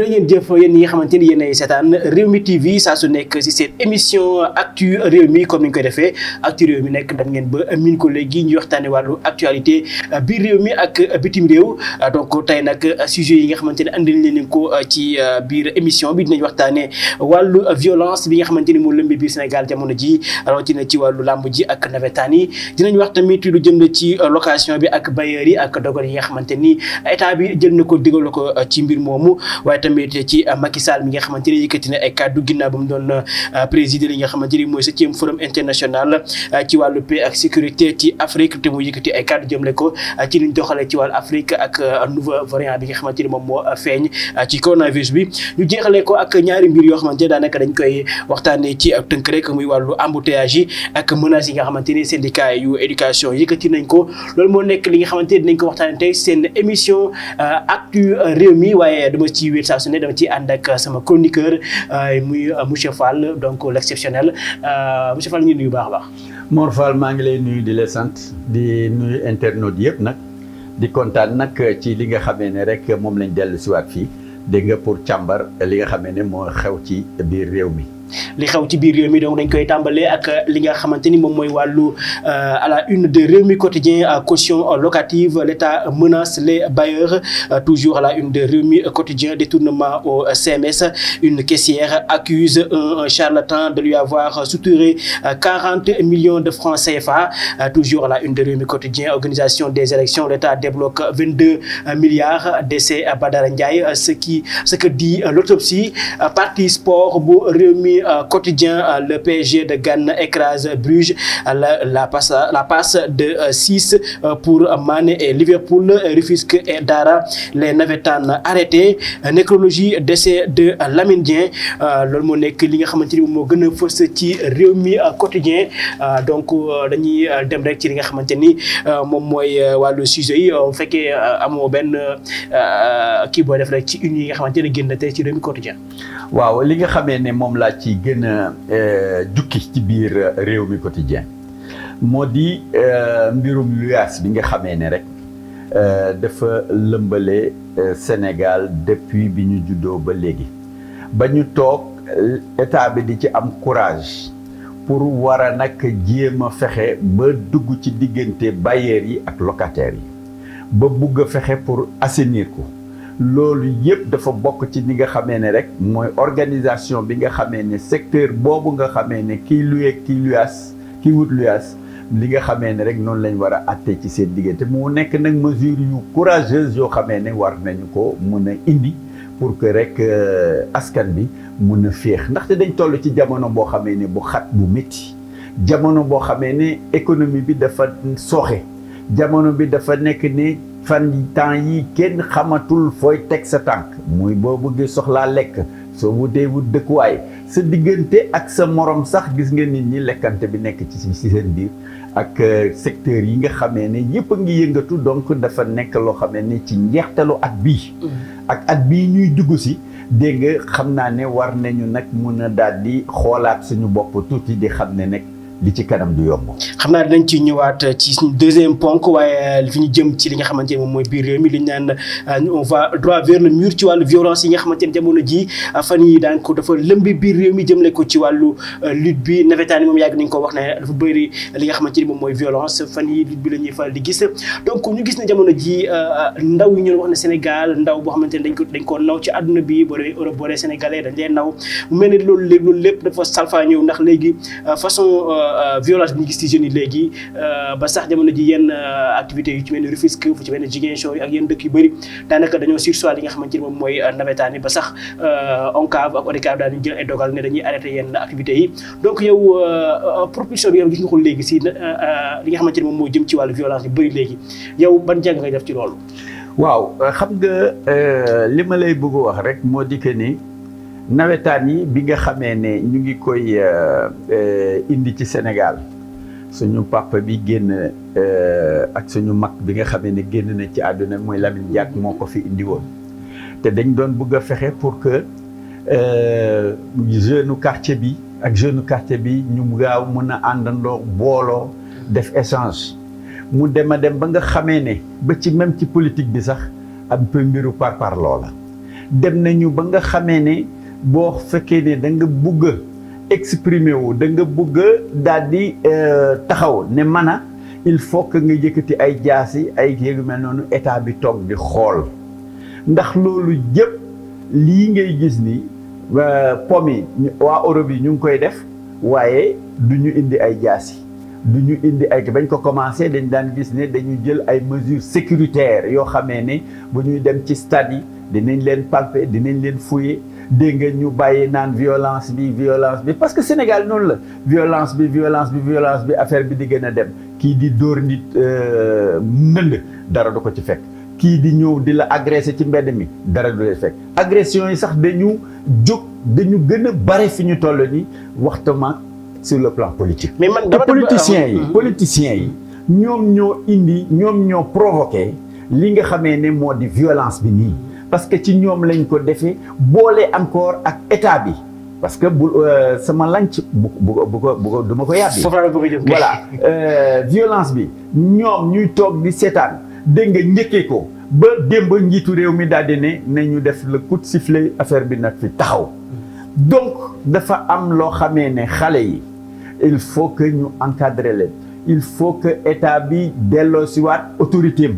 jërë ngeen jëf yéen ñi nga xamante ni yéen ay seetaan réew mi TV saa su nekk si seen émission actu réew mi comme ni ñu koy defee actu réew mi nekk dem réew mi ak bitim réew donc tey nag sujet yi nga xamante ne andil leen ko ci biir émission bi dinañ waxtaane wàllu violence bi nga xamante ni moo lëmbi biir Sénégal jamono ji rawatina ci wàllu làmb ji ak nawetaan yi dinañ wax tamit lu jëm ci location bi ak bailleur yi ak dogal yi nga xamante ni état bi jël na ko digal ko ci mbir moomu waaye tamit ci euh, Macky Sall mi nga xamante ne yëkkati na ay kàddu ginnaaw ba mu doon euh, présider li nga xamante ni mooy septième forum international euh, ci wàllu paix ak sécurité ci Afrique te mu yëkkati ay kàddu jëmle ko ci niñ doxalee ci wàllu Afrique ak nouveau nga xamante syndicat yu éducation yëkkati nañ ko loolu moo nekk li nga xamante ni ko waxtaanee tey seen émission actu réew waaye dama ci wéet saa su ne dama ci ànd ak uh, sama chroniqueur uh, muy uh, monsieur Fall donc l' exceptionnel monsieur Fall ñu nuyu baax baax. Mor Fall maa ngi lay nuyu di la sant di nuyu internautes yëpp nag di kontaan nag ci li nga xamee ne rek moom lañ dellu siwaat fii dégg nga pour càmbar li nga xamee ne moo xew ci biir réew mi. li xew ci biir réew mi donc dañ koy tàmbalee ak li nga xamante ni moom mooy wàllu euh, à la une de réew mi quotidien euh, caution locative l'État menace les bailleurs euh, toujours à la une de réew mi quotidien détournement au CMS une caissière accuse un charlatan de lui avoir soutiré 40 millions de francs CFA toujours à la une de réew mi quotidien organisation des élections l'État débloque 22 milliards décès Badara Ndiaye ce qui ce que dit l'autopsie parti sport bu réew Réumi euh, quotidien euh, le PSG de Gana écrase Bruges euh, la la passe la passe de 6 pour Mané et Liverpool Rufisque et Dara les navétanes arrêtés nécrologie décès de Lamine Dieng loolu moo nekk li nga xamante ni moo gën a fës ci Réumi quotidien donc dañuy dem rek ci li nga xamante ni moom mooy wàllu sujet yi bu fekkee amoo benn kii booy def rek ci une yi nga xamante ni génn tey ci Réumi quotidien waaw li nga xamee ne moom laa ci yi gën a euh, jukki ci biir euh, réew mi quotidien moo di euh, mbirum luyaas bi nga xamee ne rek dafa lëmbale Sénégal depuis bi ñu juddoo ba léegi ba ñu toog état bi di ci am courage pour war a nag jéem a fexe ba dugg ci diggante bailleurs yi ak locataires yi ba bugg fexe pour assainir ko loolu yëpp dafa bokk ci li nga xamee ne rek mooy organisation bi nga xamee ne secteur boobu nga xamee ne kii luye kii luyaas kii wut luyaas li nga xamee ne rek noonu lañ war a atte ci seen diggante moo nekk nag mesure yu courageuse yoo xamee ne war nañu ko mun a indi pour que rek euh, askan bi mun a féex ndaxte dañ toll ci jamono boo xamee ni bu xat bu métti jamono boo xamee ni économie bi dafa sooxe jamono bi dafa nekk ne fan yi temps yi kenn xamatul fooy teg sa tànk mooy boo bëggee soxlaa lekk soo wutee wut dëkkuwaay sa diggante ak sa morom sax gis nga nit ñi lekkante bi nekk ci ci seen biir ak euh, secteur yi nga xamee ne yëpp a ngi yëngatu donc dafa nekk loo xamee ne ci njeextalu at bii mm-hmm. ak at bii ñuy dugg si dégg xam naa ne war nañu nag mun a daal di xoolaat suñu bopp tuuti di xam ne nekk li ci kanam du yomb. xam naa dinañ ci ñëwaat euh, ci deuxième ponk waaye euh, fi ñu jëm ci li nga xamante ne moom mooy biir réew mi li ñu naan euh, on va droit vers le mur ci wàllu violence ko dafa lëmbi biir réew mi jëmle ko ci wàllu lutte bi yi moom ko wax ne dafa bëri li nga xamante ni moom mooy violence fan yi lutte bi la ñuy faral di gis donc ñu gis ne jamono jii ndaw yi ñu wax ne Sénégal ndaw boo xamante ne dañ ko naw ci àdduna bi boo dee Europe boo dee Sénégalais dañ leen naw mel ne loolu lépp dafa salfaa ñëw ndax léegi façon Euh, violence bi ñu gis ci jeunes yi léegi euh, ba sax jamono ji yenn euh, activité yu ci mel ni Rufisque fu ci mel ni Ziguinchor yi ak yenn dëkk yu bëri daanaka dañoo si sursoir li nga xamante moom mooy nawetaan yi ba sax ONCAV ak ODCAV ñu jël ay dogal dañuy arrêté yenn activités yi donc yow proposition bi yow gis nga ko li nga xamante ni moom moo jëm ci wàllu violence yu bëri léegi yow ba jàng ngay def ci loolu waaw xam nga li ma lay bëgg wax rek moo di que nawetaan yi bi nga xamee ne ñu ngi koy euh, euh, indi ci Sénégal suñu papa bi génn euh, ak suñu mag bi nga xamee ne génn na ci àdduna mooy Lamine Diack moo ko fi indi woon te dañ doon bëgg a fexe pour que jeune quartier bi ak jeune quartier bi ñu gaaw mën a àndandoo booloo def échange mu dem a dem ba nga xamee ne ba ci même ci politique bi sax am peu mbiru par par loola dem nañu ba nga xamee ne boo fekkee ne da nga bugg a exprimer wu da nga bugg a daal di euh, taxaw ne man a il faut que nga yëkkati ay jaasi ay yéegu mel noonu état bi toog di xool ndax loolu yëpp lii ngay gis ni euh, pom yi waa Europe yi ñu ngi koy def waaye du ñu indi ay jaasi du ñu indi ay bañ ko commencé dañ daan gis ne dañu jël ay mesures sécuritaires yoo xamee ne bu ñuy dem ci stade yi dinañ leen palper dinañ leen fouiller dégg nga ñu bàyyi naan violence bi violence bi parce que Sénégal noonu la violence bi violence bi violence bi affaire bi di gën a dem kii di dóor nit euh, nënd dara du ko ci fekk kii di ñëw di la agressé ci mbedd mi dara du lay fekk agression yi sax dañu jóg dañu gën a bare fi ñu toll nii waxtement sur le plan politique. mais man dama yi politiciens yi ñoom ñoo indi ñoom ñoo provoqué li nga xamee ne moo di violence bi nii. parce que ci ñoom lañ ko defee boole encore ak état bi parce que bu euh, sama lanc bu bu ko bu ko du ma ko yàbbi voilà euh, violence bi ñoom ñuy toog di seetaan dégg nga njëkkee ko ba démb njiitu réew mi dal di ne na ñu def le coup sifle affaire bi nag fi taxaw donc dafa am loo xamee ne xale yi il faut que ñu encadrer leen il faut que état bi delloo siwaat autorité am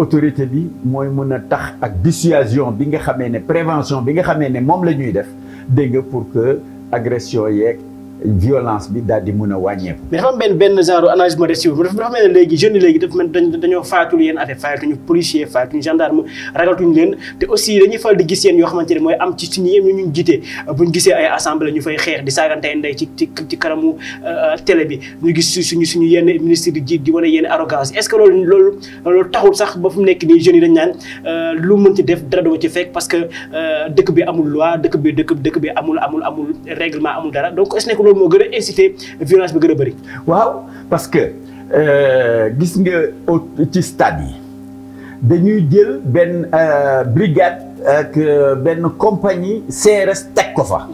autorité bi mooy mën a tax ak dissuasion bi nga xamee ne prévention bi nga xamee ne moom la ñuy def dégg nga pour que agression yeeg violence bi daal di mën a wàññeeku. mais dafa am benn benn genre analyse ma des dafa mel ne léegi jeunes yi léegi dafa dañoo faatul yéen affaire faatuñu policier faatuñu gendarme ragaltuñu leen te aussi dañuy faral di gis yéen yoo xamante mooy am ci suñu euh, suñu suñu yenn ministre di ji di wane yenn arrogance est-ce que loolu loolu loolu sax ba fu mu nekk nii jeunes yi dañ naan euh, lu mën ci def dara doo ci fekk parce que euh, dëkk bi amul loi dëkk bi dëkk dëkk bi amul amul amul règlement amul dara loolu moo gën a incité violence bi gën a bëri. waaw parce que euh, gis nga ci stade yi dañuy jël benn euh, brigade ak euh, benn compagnie CRS teg ko fa.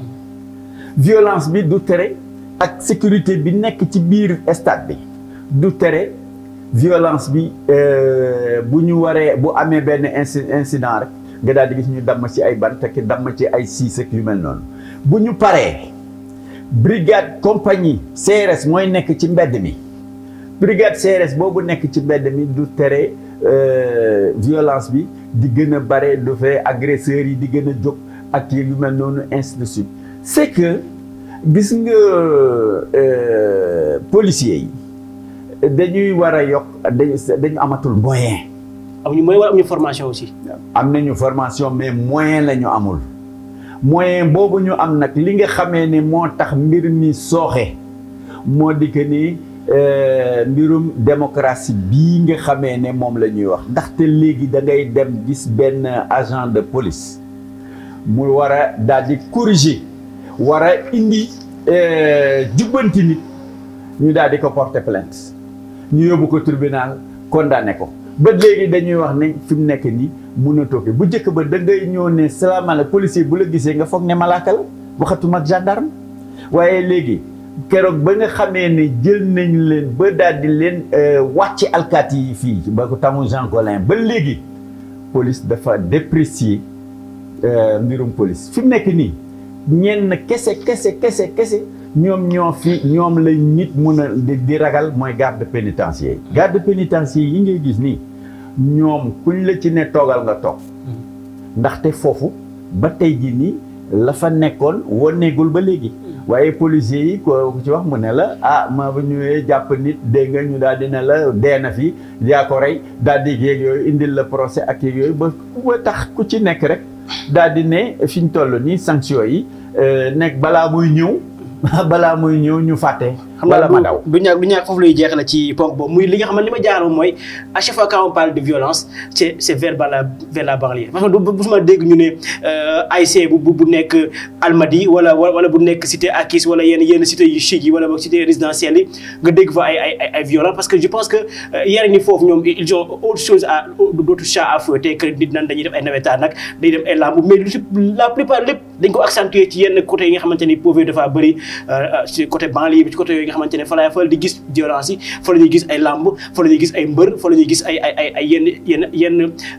violence bi du tere ak sécurité bi nekk ci biir stade bi du tere violence bi bu ñu waree bu amee benn incident rek nga daal gis ñu damm ci ay bant ak damm ci ay siis ak yu mel noonu bu ñu paree. brigade compagnie CRS mooy nekk ci mbedd mi brigade CRS boobu nekk ci mbedd mi du tere euh, violence bi di gën a bare du fee agresseurs yi di gën a jóg ak yu mel noonu ainsi de suite c'est que gis nga euh, policiers yi dañuy war a yokk dañu amatul moyen. amuñu moyen wala ñu formation aussi. am nañu formation mais moyen la ñu amul. moyen boobu ñu am nag li nga xamee ni moo tax mbir mi sooxee moo di que ni euh, mbirum démocratie bii nga xamee ne moom la ñuy wax ndaxte léegi da ngay dem gis benn agent de police mu war a daal di corriger war a indi euh, jubbanti nit ñu daal di ko porter plainte ñu yóbbu ko tribunal condamné ko ba léegi dañuy wax ne fi nekk nii mun a toppee bu njëkk ba da ngay ñëw ne salaamaaleykum policier bu la gisee nga foog ne malaakal waxatuma ak gendarme waaye léegi keroog ba nga xamee ne jël nañu leen ba daal di leen euh, wàcce alkaati yi fii ba ko tamu Jean Collin ba léegi police dafa déprécier euh, mbirum police fi mu nekk nii ñenn kese kese kese kese ñoom ñoo fi ñoom la nit mun a di ragal mooy garde pénitentiaire garde pénitentiaire yi ngay gis nii ñoom kuñ la ci ne toogal nga toog hmm. ndaxte foofu ba tey ji nii la fa nekkoon woneegul ba léegi hmm. waaye policiers yi ko ci wax mu ne la ah ma ba ñëwee jàpp nit dégg nga ñu daal di ne la dee na fi yaa ko rey daal di yéeg yooyu indil la procès ak yéeg yooyu ba ku tax ku ci nekk rek daal di ne fi ñu toll nii sanction yi euh, nekk balaa muy ñëw balaa muy ñëw ñu fàtte xam nga ma daw du ñàkk du ñàkk foofu lay jeexale ci ponk boobu muy li nga ma jaaroon mooy à chaque fois quand on parle de violence c'est c'est vers la vers euh, bu nekk Almadies wala wala wala yenn yenn cité yu fa ay ay que je pense que euh, yar ñi foofu ñoom ils ont autre chose à la plupart lépp dañ ko accentuer ci yenn côté yi nga xamante ni pauvreté dafa bëri euh, ci côté banlieue bi ci yi nga xamante ne fa laay fa di gis violence yi fa ñuy gis ay làmb fa la gis ay mbër fa la ñuy gis ay ay ay yen yenn yenn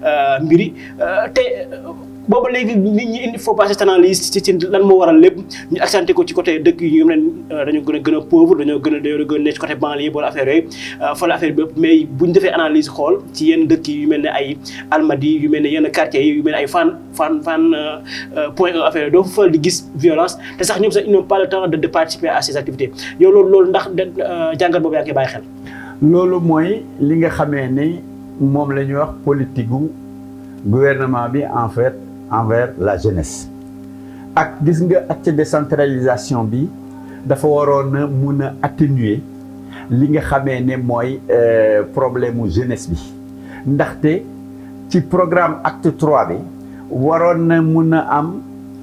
euh, mbiri euh, te booba léegi nit ñi indi faut passer analyse ci ci lan moo waral lépp ñu accenté ko ci côté dëkk yi ñu xam ne dañoo gën a gën a pauvre dañoo gën a dañoo gën a ne ci côté banlieue boole affaire yooyu euh, fa affaire bu ñu defee analyse xool ci yenn dëkk yu mel ne ay Almadies yu mel ne yenn quartiers yi yu mel ne ay fan fan fan euh, euh, point e, affaire yooyu doo fa di gis violence te sax ñoom sax ils n'ont le temps de de participer à ces activités yow loolu loolu ndax jàngat boobu yaa ngi koy bàyyi xel loolu mooy li nga xamee ni moom la ñuy wax politique gu gouvernement bi en fait envers la jeunesse ak gis nga acte décentralisation bi dafa waroon a mun a atténuer li nga xamee ne mooy euh, problème mu jeunesse bi ndaxte ci programme acte trois bi waroon na mun a am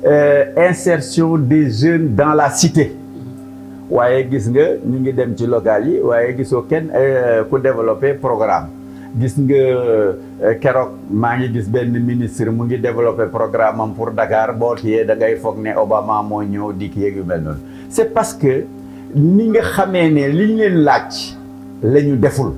euh, insertion des jeunes dans la cité waaye gis nga ñu ngi dem ci local yi waaye gisoo kenn euh, ku développé programme gis nga eh, keroog maa ngi gis benn ministre mu ngi développé programme am pour Dakar boo kiyee da ngay foog ne Obama moo ñëw di kii yu mel noonu c'est parce que ni nga xamee ne liñ leen laaj la ñu deful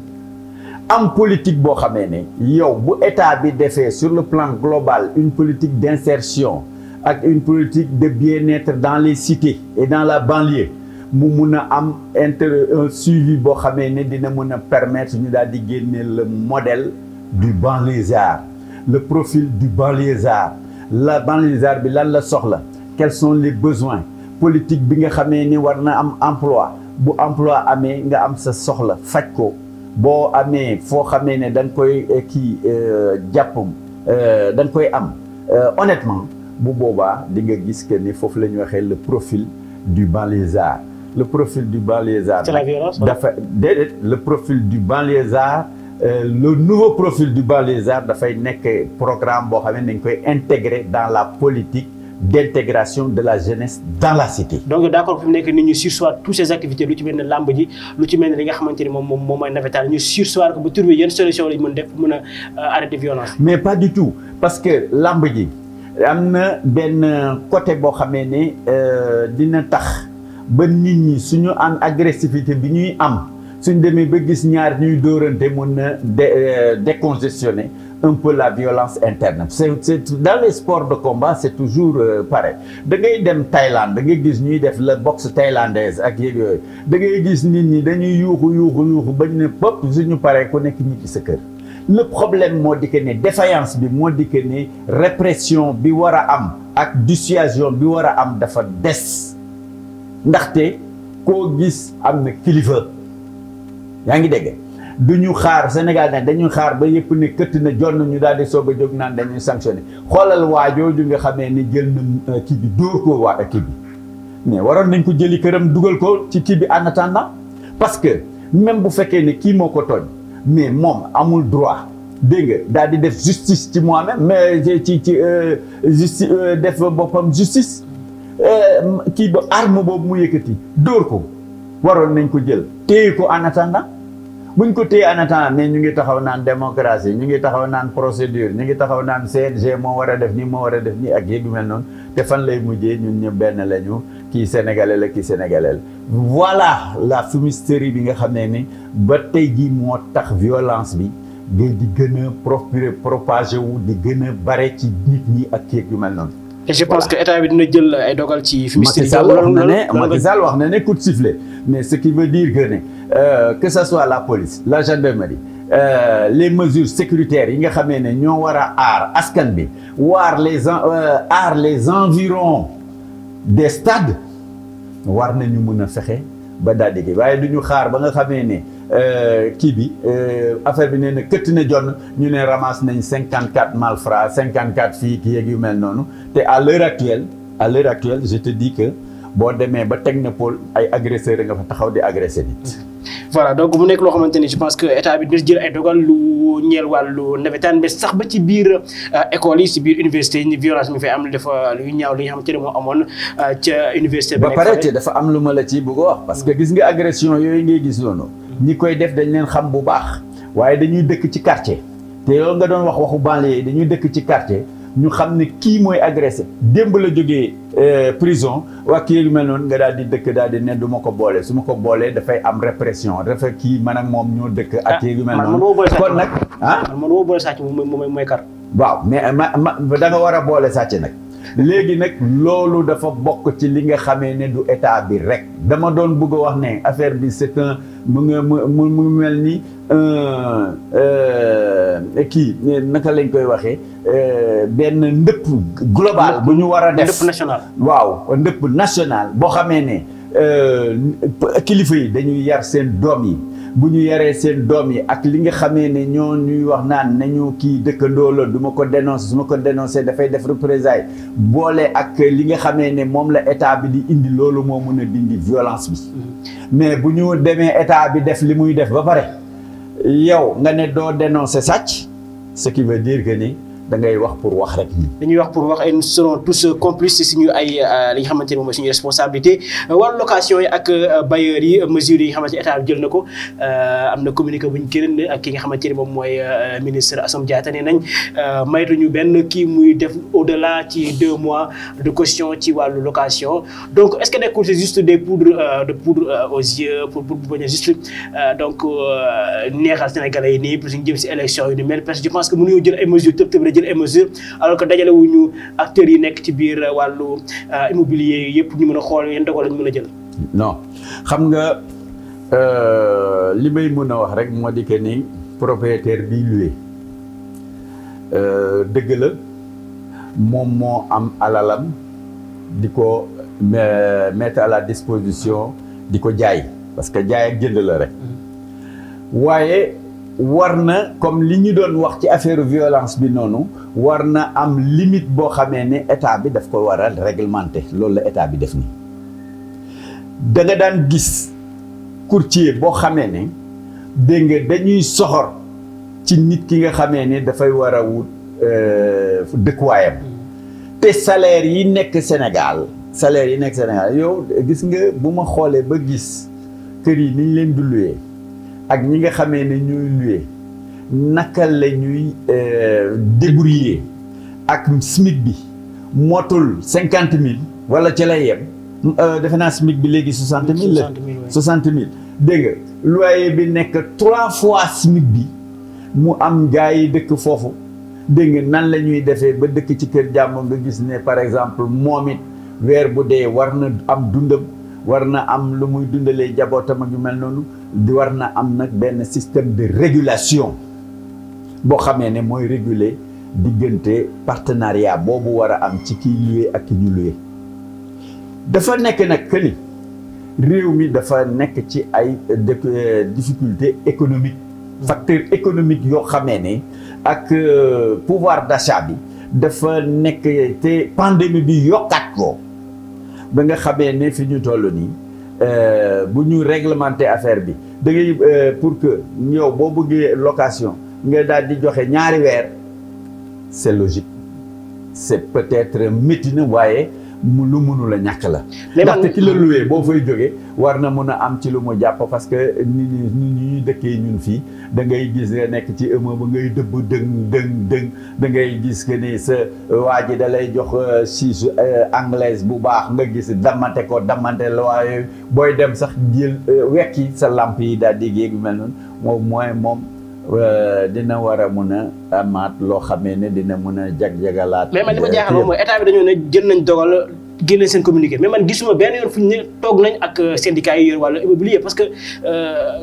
am politique boo xamee ne yow bu état bi defee sur le plan global une politique d'insertion ak une politique de bien-être dans les cités et dans la banlier mu mun a am inter un suivi boo xamee ne dina mun a permettre ñu daal di génne la modèle du banlieusard le profil du banlieusard la banlieusard bi lan la soxla quels sont les besoins politique bi nga xamee ni war na am emploi bu emploi amee nga am sa soxla faj ko boo amee foo xamee ne da nga koy eh, kii eh, jàpp eh, da nga koy am honnêtement bu boobaa di nga gis que ni foofu la ñu waxee le profil du banlieusard le profil du banlieusard. c'est la violence dafa le profil du banlieusard euh, le nouveau profil du banlieusard dafay nekk programme boo xam ne dañ koy intégrer dans la politique d'intégration de la jeunesse dans la cité. donc d'accord fi mu nekk ni ñu sursoir toutes ces activités lu ci mel ne làmb ji lu ci mel ne li nga xamante ni moom moom moom mooy navétane ñu sursoir ko ba trouver yenn solution lañ def mën a euh, arrêter violence. mais pas du tout parce que lamb ji am na benn côté boo xamee ne euh, dina tax. ba nit ñi suñu am agressivité bi ñuy am suñ demee ba gis ñaar ñuy dóorante mën na dé euh, décongestionner un peu la violence interne c'est c'est dans les sports de combat c'est toujours euh, pareil da ngay dem Thaïlande da ngay gis ñuy def la boxe thaïlandaise ak yéeg yooyu da gis nit ñi dañuy yuuxu yuuxu yuuxu bañ ne pop suñu paree ku nekk ñi ci sa kër le problème moo di que ne défaillance bi moo di nii repression bi war a am ak dissuasion bi war a am dafa des ndaxte koo gis am na kilifa yaa ngi dégg du ñu xaar Sénégal ne dañuy xaar ba yëpp ne këtt na jonn ñu daal di soog a jóg naan dañuy sanctionné xoolal waa jooju nga xamee ni jël na euh, kii bi dóor ko waa kii bi mais waroon nañ ko jëli këram dugal ko ci kii bi en attendant parce que même bu fekkee ni kii moo ko tooñ mais moom amul droit dégg nga daal di def justice ci moi-même mais ci ci euh, justice euh, def boppam justice Euh, kii ba arme boobu mu yëkkati dóor ko waroon nañ ko jël téye ko en attendant buñ ko téye en attendant ne ñu ngi taxaw naan démocratie ñu ngi taxaw naan procédure ñu ngi taxaw naan CNG moo war a def nii moo war a def nii ak yi du mel noonu te fan lay mujjee ñun ñëpp benn lañu kii sénégaleel ak kii sénégaleel voilà la fumisterie bi nga xam ne ni ba tey jii moo tax violence bi di gën a propagé wu di gën bare ci nit ñi ak kéeg yu mel noonu et pense que état bi dina jël ay dogal ci. Macky Sall wax na ne Macky Sall coup de mais ce qui veut dire que ne euh, que ça soit la police la gendarmerie. Euh, les mesures sécuritaires yi nga xamee ne ñoo war a aar askan bi waar les euh, aar les environs des stades war nañu mun a fexe ba daal di waaye du ñu xaar ba nga xamee ne Euh, kii bi euh, affaire bi nee na këtt ne jonn ñu ne ramasse nañ cinquante quatre malfrats cinquante quatre fii kii yeeg yu mel noonu te à l'heure actuelle à l'heure actuelle je te dis que boo demee ba technopole ay agresseur nga fa taxaw di agressé nit voilà donc mu nekk loo xamante ni je pense que état bi dina jël ay lu ñeel wàllu nawetaan mais sax ba ci biir euh, école yi si biir université yi violence mi fay am dafa lu ñaaw li nga xamante ne moo amoon ca université. ba pare te dafa am lu ma la ci bëgg a wax. que gis nga agression yooyu ngay gis noonu. ñi koy def dañ leen xam bu baax waaye dañuy dëkk ci quartier te yow nga doon wax waxu banlieue dañuy dëkk ci quartier ñu xam ne kii mooy agressé démb la jógee euh, prison waa kii yu mel noonu nga daal di dëkk daal di ne du ko boole su ma ko boolee dafay am répression dafa kii man ak moom ñoo dëkk. ak kii yu mel ah, noonu kon nag ah man man ma boole sàcc moom mooy mooy kar. waaw mais ma ma da nga war a boole sàcc nag. léegi nag loolu dafa bokk ci li nga xamee ne du état bi rek dama doon bëgg wax ne affaire bi c'est un mu nga mu mu mel ni euh, kii naka lañ koy waxee euh, benn ndëpp global bu ñu war a def ndëpp national waaw ndëpp national boo xamee ne euh, kilifa yi dañuy yar seen doom yi bu ñu yaree seen doom yi ak li nga xamee ne ñoo ñuy wax naan ñu kii dëkkandoo la du ma ko dénoncé su ma ko dénoncé dafay def représailles boole ak li nga xamee ne moom la état bi di indi loolu moo mën a dindi violence bi mm-hmm. mais bu ñu demee état bi def li muy def ba pare yow nga ne doo dénoncé sàcc ce qui veut dire que ni da ngay wax pour wax rek. Hmm. dañuy wax pour wax et nous serons tous euh, complices suñu ay euh, li nga xamante ne moom mooy suñu responsabilité wàllu location yi ak euh, bailleurs yi mesures yi nga na ko am na communiqué bu ñu gërëm ak ki nga xamante ne moom mooy ministre Assome Diatta nee nañ ñu benn kii muy def au delà ci deux mois de caution ci wàllu location donc est ce que nekkul c'est juste des poudres de poudre aux yeux donc neexal Sénégalais yi nii pour suñu jëm si élection yu ni mel parce que je pense que mënuñoo jël ay mesures tëb tëb jël ay mesures alors que dajale acteurs yi nekk ci biir wàllu euh, immobilier yëpp ñu mën a xool yeen dogal lañ mën a jël. non xam nga euh, li may mën a wax rek moo di que ni propriétaire bi loué euh, dëgg la moom moo am alalam di ko mettre à la disposition di ko jaay parce que jaay ak jënd la rek mm-hmm. waaye. war na comme li ñu doon wax ci affaire violence bi noonu war na am limite boo xamee ne état bi daf ko war a réglementer loolu la état bi def nii da daan gis courtier boo xamee ne dégg nga dañuy soxor ci nit ki nga xamee ne dafay war a wut euh, dëkkuwaayam te salaire yi nekk Sénégal salaire yi nekk Sénégal yow gis nga bu ma xoolee ba gis kër yi ni leen di ak ñi nga xamee ne ñooy luwe naka la ñuy euh, débrouiller ak SMIC bi motul cinquante mille wala ci lay yem euh, defe naa SMIC bi léegi soixante mille la soixante mille dégg nga waaye bi nekk trois fois SMIC bi mu am gars yi dëkk foofu dégg nga nan lañuy defee ba dëkk ci kër jàmm nga gis ne par exemple moom it weer bu dee war na am dundam war na am lu muy dundalee jabootam ak yu mel noonu di war na am nag benn système de régulation boo xamee ne mooy réguler diggante partenariat boobu war a am ci kiy luwe ak ki ñu luwe dafa nekk nag que réew mi dafa nekk ci ay euh, euh, difficulté économique facteur économique yoo xamee ne ak euh, pouvoir d'achat bi dafa nekk te pandémie bi yokkaat ko ba nga xamee ne fi ñu toll nii euh, bu ñu réglementer affaire bi da ngay euh, pour que yow boo bëggee location nga daal di joxe ñaari weer c'est logique c'est peut-être métti waaye. mu lu mënul a ñàkk la. ndaxte ki la luwee boo fay jógee war na mën a am ci lu mu jàpp parce que nit ñi ñuy dëkkee ñun fii da ngay gis nga nekk ci ëmm ba ngay dëbb dëng dëng dëng da ngay gis que ni sa euh, waa ji da lay jox euh, siis euh, anglaise bu baax nga gis damante ko damante la waaye booy dem sax jël yi sa làmp yi daal di yéeg mel noonu moom mooy moom. Euh, dina war a mun a amaat loo xamee ne dina mun a jag-jagalaat. mais man li ma euh, jaaxal mooy état bi dañoo ne jël nañ dogal génne seen communiqué mais man gisuma benn fu ñu toog nañ ak euh, syndicat yi yor wàllu immobilier parce que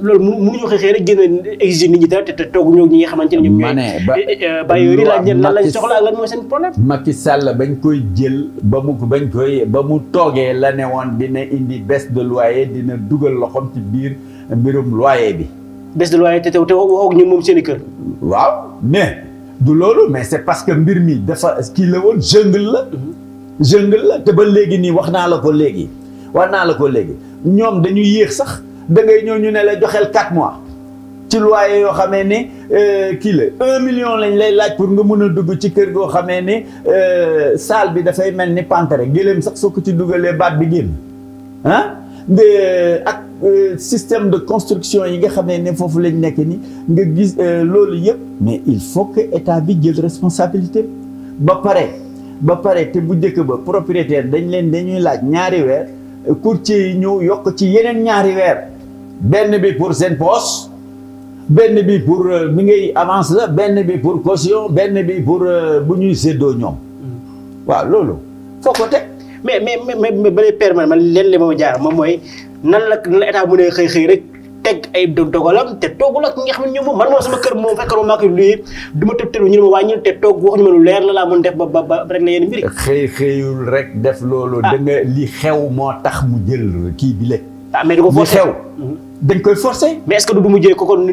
loolu mënuñu xëy rek génne exiger nit ñi dara te tooguñoo ñi nga xamante ne ñoom ñooy. ma ne ba eh, eh, yooyu laaj leen lan lañ soxla ak lan mooy seen problème. Macky Sall bañ koy jël ba mu bañ koy ba mu toogee la ne woon dina indi baisse de loyer dina dugal loxoom ci biir mbirum bi. baisse de loyer te te waxoog ñoom moom seen kër. waaw mais du loolu mais c'est parce que mbir mi dafa kii la woon jungle la. Mhm. jungle la te ba léegi nii wax naa la ko léegi wax naa la ko léegi ñoom dañuy yéex sax da ngay ñëw ñu ne la joxeel 4 mois. ci loyer yoo xamee ne euh, kii la un million lañ lay laaj pour nga mun a dugg ci kër goo xamee ne euh, salle bi dafay mel ni panthère géléem sax soo ko ci dugalee baat bi génn ah. ak euh, système de construction yi nga xam ne ne foofu lañu nekk ni nga gis euh, loolu yëpp mais il faut que état bi jël responsabilité ba pare ba pare te bu njëkk ba propriétaire dañ leen dañuy laaj ñaari weer courtier yi ñëw yokk ci yeneen ñaari weer benn bi pour seen poche benn bi pour euh, mi ngay avance la benn bi pour caution benn bi pour bu ñuy séddoo ñoom mm. waaw loolu foo ko teg mais mais mais mais ba lay permettre man leen li ma jaar moom mooy nan la nan la état mënee xëy xëy rek teg ay dogalam te toogul ak ñi nga xam ne ñoom man moom sama kër moom fekkoon maa koy luy du ma tëb tëb ñu ne ma wàññil te toog waxuñu ma lu leer la laa mën def ba ba ba rek na yenn mbir. xëy xëyul rek def loolu. Ah. da nga li xew moo tax mu jël kii bi la. ah mais du ko forcer xew. Mhm. dañ koy forcer. mais est-ce que du mujjee ko kon.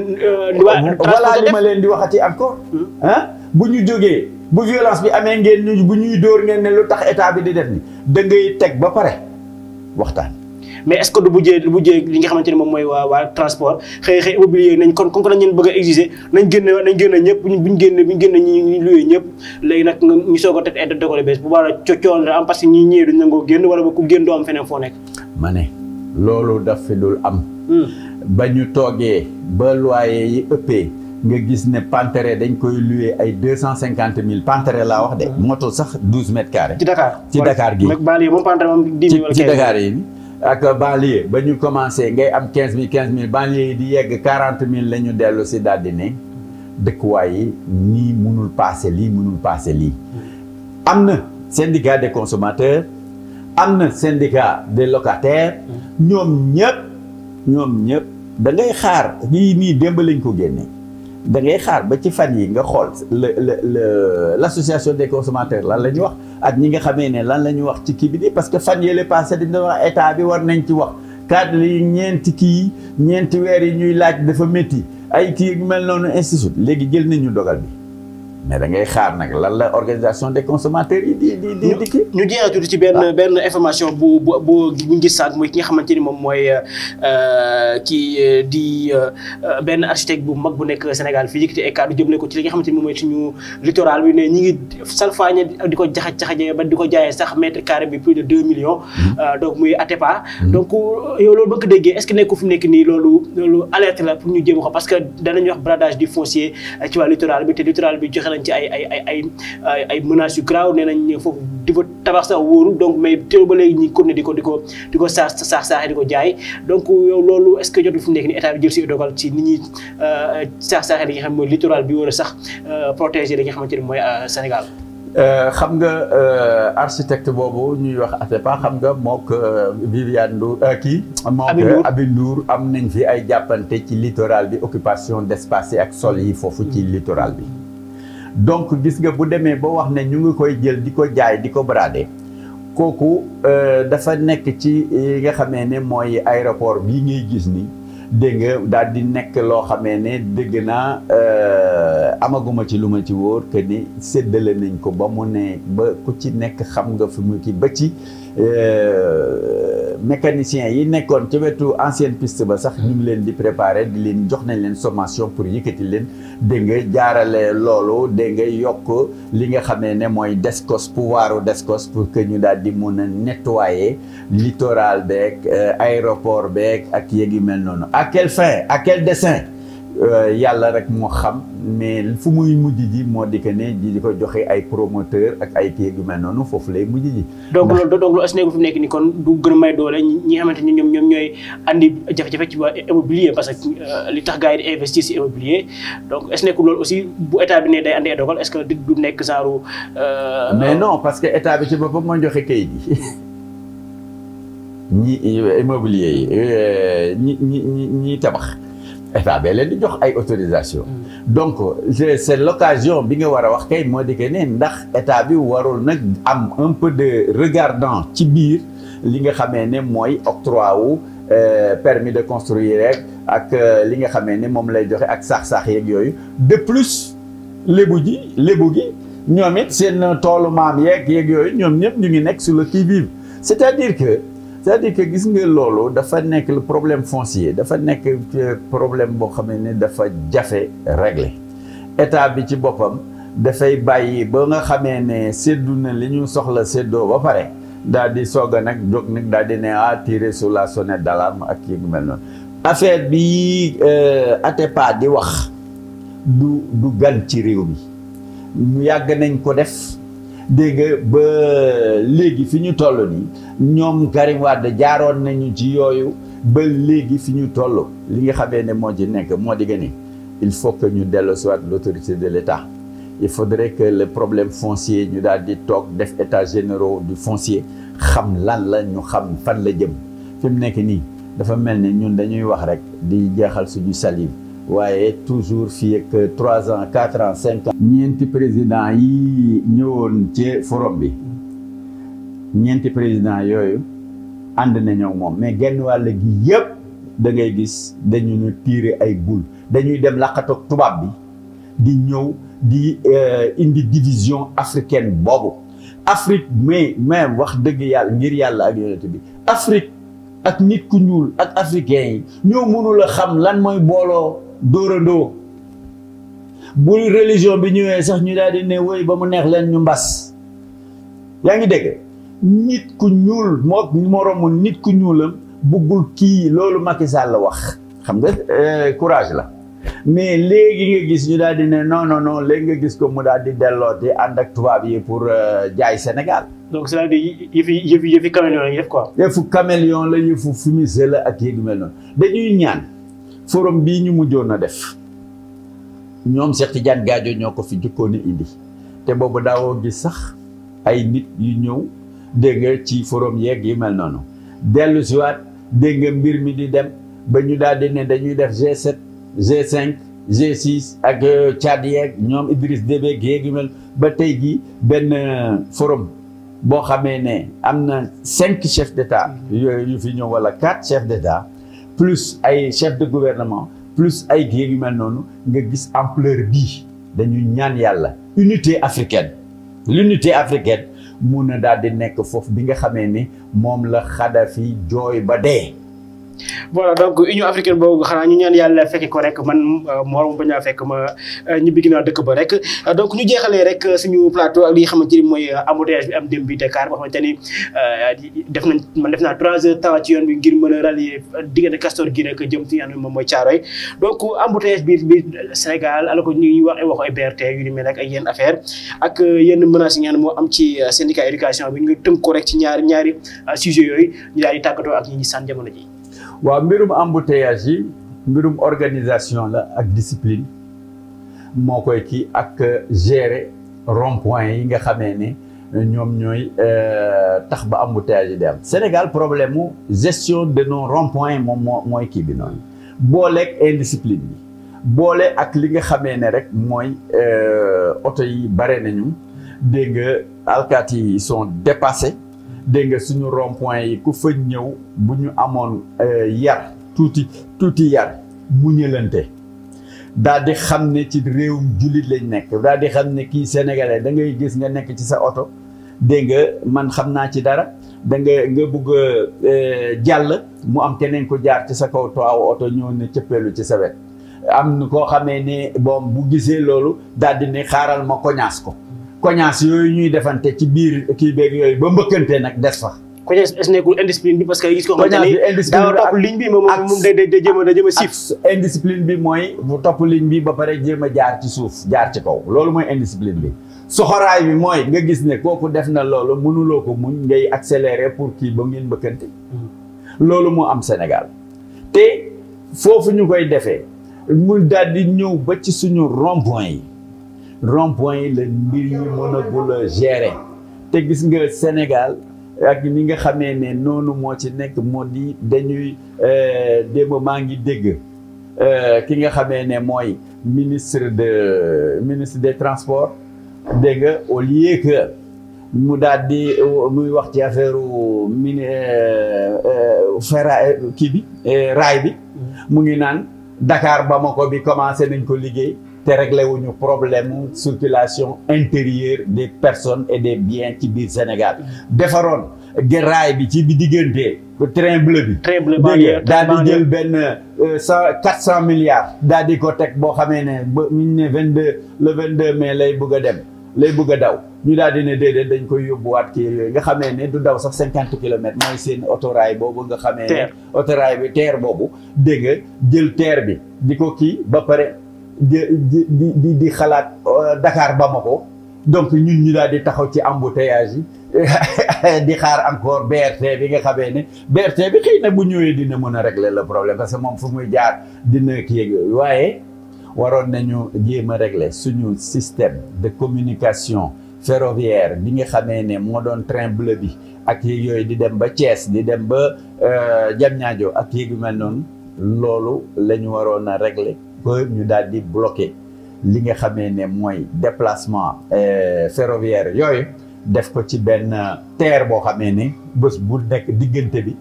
voilà li ma leen di waxati encore. ah bu ñu jógee. bu violence bi amee ngeen ñu bu ñuy dóor ngeen ne lu tax état bi di def ni da teg ba pare waxtaan. mais est-ce bu jëlee du bu jëlee li nga xamante ne moom mooy waa waa transport xëy xëy immobilier nañ kon kon nañ leen bëgg a exiger nañ génne nañ génne ñëpp buñ génne buñ génne ñi ñu luwee ñëpp léegi nag ñu soog a teg ay dogal bees bu war la coono la am parce que ñi ñëwee duñ nangoo génn wala ba ku génn doo am feneen foo nekk. ma ne loolu daf fi dul am. Hmm. ba ñu toogee ba loyer yi ëppee. nga gis ne Panthéré dañ koy loué ay deux cent cinquante mille Panthéré laa wax de. Mm-hmm. moto sax douze mètres carrés. ci Dakar ci Dakar gii. ci Dakar yi. ak banlieue ba ñu commencé ngay am quinze mille quinze yi di yegg quarante mille la ñu dellu si daal di ne dëkkuwaay yi nii munul passé lii munul passé lii. Mm-hmm. am na syndicat des consommateurs am na syndicat des locataires. Mm-hmm. ñoom ñëpp ñoom ñëpp da xaar lii nii démb lañ ko génne. da ngay xaar ba ci fan yi nga xool le le le l' des consommateurs lan la ñu wax ak ñi nga xamee ne lan la ñuy wax ci kii bi de parce que fan yële passé dañ doon wax état bi war nañ ci wax cadre li ñeenti kii ñeenti weer yi ñuy laaj dafa métti ay kii mel noonu institut léegi jël nañu dogal bi mais da ngay xaar nag lan la organisation des consommateurs yi di di di kii. ñu jeexal tuuti ci benn ah. benn information bu bu bu bu ñu gisaat mooy ki nga xamante ni moom mooy euh, euh, kii euh, di benn architecte bu mag bu nekk Sénégal fii yëkkati ay kàddu jëmale ko ci li nga xamante ni moom mooy suñu littoral bi ne ñu ngi salfaañe di ko jaxaj jaxaje ba di ko jaayee sax mètre carré bi plus de deux millions. Mm-hmm. donc muy Atepa. Mm-hmm. donc yow loolu ba nga ko déggee est ce que nekkul fi mu nekk nii loolu loolu alerte la pour ñu jéem ko parce que danañ wax bradage du foncier ci waa littoral bi te littoral bi joxe nañ ci ay ay ay ay ay menaces yu graaw nee nañ foofu di fa tabax sax wóorul donc mais ba léegi ñi continuer di di ko di ko saax saax saaxee di ko jaay donc loolu est ce que jotul fi nekk ni état bi jël si dogal ci ni ñuy euh, li nga xam mooy littoral bi war a sax euh, protéger li nga xamante ni mooy euh, Sénégal. xam nga architecte boobu ñuy wax Atepa xam nga mook Viviane Ndour kii mook Aby Ndour am nañ fi ay jàppante ci littoral bi occupation d'espace yi ak sol yi foofu ci littoral bi donc gis nga bu demee ba wax ne ñu ngi koy jël di ko jaay di ko baraade kooku euh, dafa nekk ci yi euh, nga xamee ne mooy aéroport bii ngay gis ni dégg nga daal di nekk loo xamee ne dégg naa euh, amaguma ci lu ma ci wóor que ni séddale nañ ko ba mu ne ba ku ci nekk xam nga fi mu ki ba ci Euh, mécaniciens yi nekkoon ci wetu ancienne piste ba sax ñu ngi leen di préparer di leen jox nañ leen sommation pour yëkkati leen dégg nga jaarale loolu dégg nga yokk li nga xamee ne mooy descos pouvoiru descos pour que ñu daal di mun a nettoyer littoral beeg euh, aéroport beeg ak yéegi mel noonu à quelle fin à quel dessein Euh, yàlla rek moo xam mais fu muy mujj ji moo di que ne di ko joxe ay promoteur ak ay kii yu mel noonu foofu lay mujj ji. donc loolu donc loolu Sénégal fu nekk nii kon du gën doole ñi nga xamante ñoom ñoom ñooy andi jafe-jafe ci waa immobilier parce que euh, li tax gars yi di investir si immobilier donc est loolu aussi bu état bi ne day andi ay dogal est ce que du nekk genre. Euh, mais non parce que état bi ci boppam moo joxe kayit yi. ñi ñi ñi ñi tabax. état bee leen di jox ay autorisation mm. donc c'est l'occasion bi nga war a wax kay moo di que ndax état bi warul nag am un peu de regardant ci biir li nga xamee ne mooy octroi wu euh, permis de construire rek ak euh, li nga xamee ne moom lay joxe ak saax-saax yeeg yooyu de plus lébu ji lébu gi ñoom it seen toolu maam yeeg yeeg yooyu ñoom ñëpp ñu ngi nekk sur le qui-vive c'est-à-dire que c'est-à-dire que gis nga loolu dafa nekk le problème foncier dafa nekk euh, problème boo xam ne dafa jafe régler état bi ci boppam dafay bàyyi ba nga xamee ne séddu na li ñu soxla séddoo ba pare daal di soog a nag jóg nag daal di ne ah tirer sur la sonnette d'alarme ak yi mel noonu affaire bi euh, Atepa di wax du du gan ci réew mi yàgg nañ ko def dégg nga ba léegi fi ñu toll nii ñoom Karim Wade jaaroon nañu ci yooyu ba léegi fi ñu toll li nga xamee ne moo ci nekk moo di ni il faut que ñu dellusiwaat l'autorité de l'État il faudrait que le problème foncier ñu daal di toog def état généraux du foncier xam lan la ñu xam fan la jëm fi mu nekk nii dafa mel ni ñun dañuy wax rek di jeexal suñu salive waaye toujours fii ak trois ans quatre ans cinq ans. ñeenti président yi ñëwoon ci forum bi ñeenti président yooyu ànd na nañoo moom mais genn wàll gi yëpp da ngay gis dañu ñu tiire ay boule dañuy dem làqatoog tubaab bi di ñëw di euh, indi division africaine boobu Afrique mais mais wax dëgg yàlla ngir yàlla ak yonent bi Afrique ak nit ku ñuul ak africain yi ñoo mënul xam lan mooy booloo. dóorandoo bu religion bi ñëwee sax ñu daal di ne wéy ba mu neex leen ñu mbas yaa ngi dégg nit ku ñuul moo moromu nit ku ñuulam buggul kii loolu Macky la wax xam nga euh, courage la mais léegi nga gis ñu daal di ne non non non nga gis ko mu daal di delloo di ànd ak tubaab yi pour euh, jaay Sénégal. donc c'est-à-dire yëfi yëfi yëfi caméléon la ñuy def quoi. yëfu caméléon la yëfu fumier la ak yéeg mel noonu dañuy ñaan. forom bii ñu mujjoon a def ñoom Cheikh Tidiane Gadio ñoo ko fi jëkkoon a indi te boobu daawoo gis sax ay nit yu ñëw dégg ci forom yeeg yi mel noonu dellu siwaat dégg mbir mi di dem ba ñu daal di ne dañuy def G7 G5 G6 ak euh, Tchad yeeg ñoom Idriss Déby yeeg yu mel ba tey jii benn euh, forom boo xamee ne am na cinq chefs d'État mm-hmm. yu fi ñëw wala quatre chef d'État plus ay chef de gouvernement plus ay géeg yu mel noonu nga gis ampleur bii dañu ñaan yàlla unité africaine l'unité africaine mun na dal di nekk foofu bi nga xamee ni moom la Kadhafi jooy ba dee voilà donc Union africaine boobu xanaa ñu ñaan yàlla fekki ko rek man euh, morom bañ a fekk ma euh, ñibbi ginnaaw dëkk ba rek euh, donc ñu jeexalee rek suñu plateau ak li nga xamante ni mooy embouteillage bi am démb bi Dakar boo xamante def nañ man def naa trois heures temps ci yoon bi ngir mën a rallier diggante Castor gi rek jëm ci yoon bi moom mooy Thiaroye donc embouteillage bi bi Sénégal alors ko ñuy wax waxu ay BRT yu ni mel rek ay yenn affaire ak yenn menaces yi nga moo am ci syndicat éducation bi ñu tënk ko rek ci ñaari ñaari sujet yooyu ñu daal tàggatoo ak ñi ñu sànn jamono ji waaw mbirum embouteillage yi mbirum organisation la ak discipline moo koy kii ak euh, gérer rond-point yi nga xamee ne euh, ñoom ñooy euh, tax ba embouteillage yi di am Sénégal problème mu gestion de nos rond yi moom mooy kii bi noonu booleeg indiscipline bi boole ak li nga xamee ne rek mooy oto yi bare nañu dégg nga alkaati yi son dépassés dégg nga suñu rond yi ku fa ñëw bu ñu amoon euh, yar tuuti tuuti yar mu ñëlante daal di xam ne ci réewum jullit lañ nekk daal di xam ne kii sénégalais da ngay gis nga nekk ci sa oto dégg nga man xam naa ci dara da nga nga bëgg a euh, jàll mu am keneen ko jaar ci sa kaw toaw oto ñëw ne cëppeelu ci sa wet am na koo xamee ne bom bu gisee loolu daldi di ne xaaral ma koñaas ko koñaas yooyu ñuy defante ci biir kii beeg yooyu ba mbëkkante nag des fa. koñaas est nekkul indiscipline bi parce que gis ko xamante moom moom day day jéem a bi mooy bu topp ligne bi ba pare jéem jaar ci suuf jaar ci kaw loolu mooy indiscipline bi. soxoraay bi mooy nga gis ne kooku def na loolu mënuloo ko muñ ngay accélérer pour kii ba ngeen bëkkante. Hmm. loolu moo am Sénégal te foofu ñu koy defee mu daal di ñëw ba ci suñu rond yi. rond point yi la mbir yi mën a gul a te gis nga Sénégal ak ñi nga xamee ne noonu moo ci nekk moo di dañuy euh, démb maa ngi dégg euh, ki nga xamee ne mooy ministre de ministre des transports dégg nga au lieu que mu daal di muy wax ci affaire mini euh, ferra kii bi raay bi mm-hmm. mu ngi naan Dakar Bamako bi commencé nañ ko liggéey. te réglé wuñu problème circulation intérieure des personnes et des biens ci biir Sénégal defaroon raay bi ci bi diggante train bleu bi. train bleu banlieue daal di jël benn euh, cent quatre cent milliards. daal di ko teg boo xamee ne ba ñu ne vingt deux le vingt deux mais lay bëgg a dem lay bëgg daw ñu daal di ne déedéet dañ koy yóbbuwaat kii yooyu nga xamee ne du daw sax cinquante kilomètres mooy seen autorail boobu nga xamee ne. autorail bi terre boobu dégg nga jël terre bi di ko kii ba pare. di xalaat di euh, xalaat Dakar ko donc ñun ñu daal di taxaw ci embouteillage yi di xaar encore BRT bi nga xamee ne BRT bi xëy na bu ñëwee dina mën a réglé la problème parce que moom fu muy jaar dina kii ak yooyu waaye waroon nañu jéem a régler suñu système de communication ferroviaire bi nga xamee ne moo doon train bleu bi ak yéeg yooyu di dem ba Thiès di dem ba euh, Diamniadio ak yéeg noonu loolu lañu ñu waroon a régler ba ñu daal di bloqué li nga xamee ne mooy déplacement euh, ferroviaire yooyu def ko ci benn terre boo xamee ni bés bu nekk diggante bi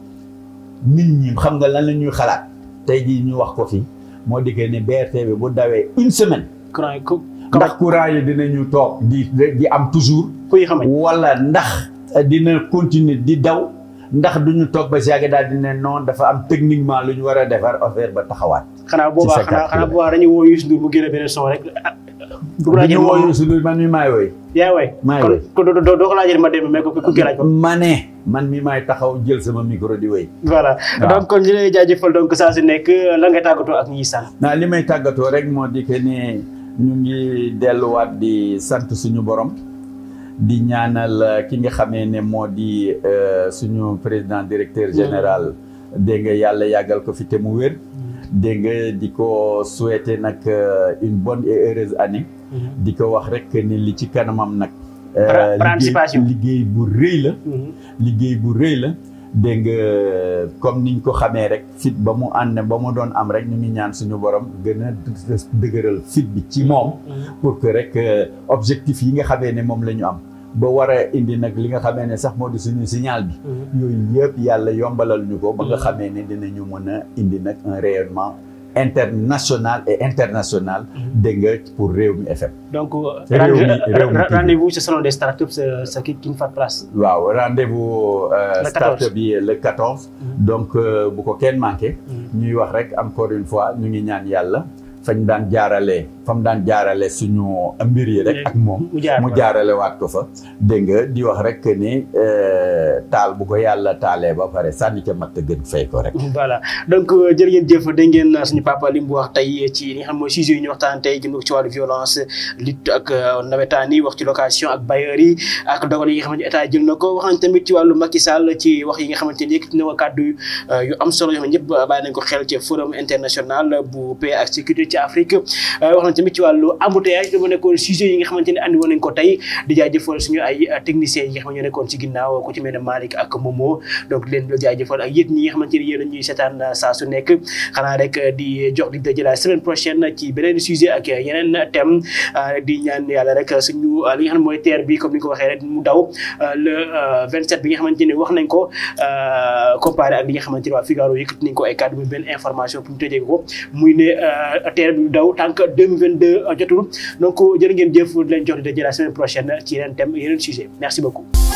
nit ñi xam nga lan la ñuy xalaat tey jii ñu wax ko fi moo dikkee ne BRT bi bu dawee une semaine. ndax courant yi ñu toog di di am toujours. kuy xam wala ndax dina continuer di daw. ndax duñu toog ba si yàgg dal di ne non dafa am techniquement lu ñu war a defar affaire ba taxawaat. xanaa boobaa xanaa xanaa boobaa dañuy woo Youssou Ndour mu génne beneen son rek. du ko laajee moom dañuy woo Youssou Ndour man mi maay woy. yaa way maay woy ko laajee ma dem mais ku ku man mi maay taxaw jël sama micro di woy. voilà donc kon ñu lay jaajëfal donc saa si nekk la ngay tàggatoo ak ñi sax. naa li may tàggatoo rek moo di que ne ñu ngi delluwaat di sant suñu borom. di ñaanal euh, ki nga xamee ne moo di euh, suñu président directeur général mm. dégg nga yàlla yàggal ko fi te mu wér mm. dégg di ko souhaiter nag euh, une bonne et heureuse mm. di ko wax rek ni li ci kanamam nag participation liggéey bu rëy la liggéey bu rëy la dégg nga comme niñ ko xamee rek fit ba mu ànd ba mu doon am rek ñu ñaan suñu borom gën a dëgëral fit bi ci moom pour que rek objectif yi nga xamee ne moom la ñu am ba war indi nag li nga xamee ne sax moo di suñu signal bi mhm. yooyu yëpp yàlla yombalal ñu ko ba nga mhm. xamee ne dinañu mën a indi nag un rayonnement international et international mhm. dégg nga pour mi FM donc euh, rendez-vous ce salon des startups euh, c'est qui ne fait place waaw rendez-vous euh, startup yi le 14 donc bu ko kenn manqué ñuy wax rek encore une fois ñu ngi ñaan yàlla fañ daan jaarale fa mu daan jaarale suñu mbir yi rek ak moom mu waat ko fa dégg nga di wax rek ni euh, taal bu ko yàlla taalee ba pare sànni ca matt gën fay ko rek voilà donc euh, jërë ngeen jëf da ngeen suñu papa li mu wax tey ci li xam mooy sujet yi ñu waxtaan tey jëm ci wàllu violence lutte ak euh, yi wax ci location ak bailleurs yi ak dogal yi nga xamante ne na ko waxaan tamit ci wàllu Macky Sall ci wax yi nga xamante ne yëkkati na ko kàddu am solo yoo xam ne ñëpp bàyyi nañ ko xel ci forum international bu paix ak sécurité ci Afrique wax tamit ci wàllu embouteillage dama nekkoon sujet yi nga xamante ne andi woon nañ ko tey di jaajëfal suñu ay euh, techniciens yi nga xam nekkoon ci ginnaaw ku ci mel ne Malick Momo donc leen di jaajëfal ak yéen nga xamante a ñuy euh, yeneen thème euh, di ñaan yàlla rek suñu li nga xam mooy terre bi comme ni ko waxee rek mu daw bi nga xamante ne wax nañ ko comparé ak li nga xamante ne waa Figaro yëkkati nañ ko ay kàddu muy benn information pour ñu tëjee ko muy ne terre bi daw tant que 2022 euh, jotul donc euh, jërë ngeen jëf di leen jox di daje la semaine prochaine ci yeneen thème yeneen merci beaucoup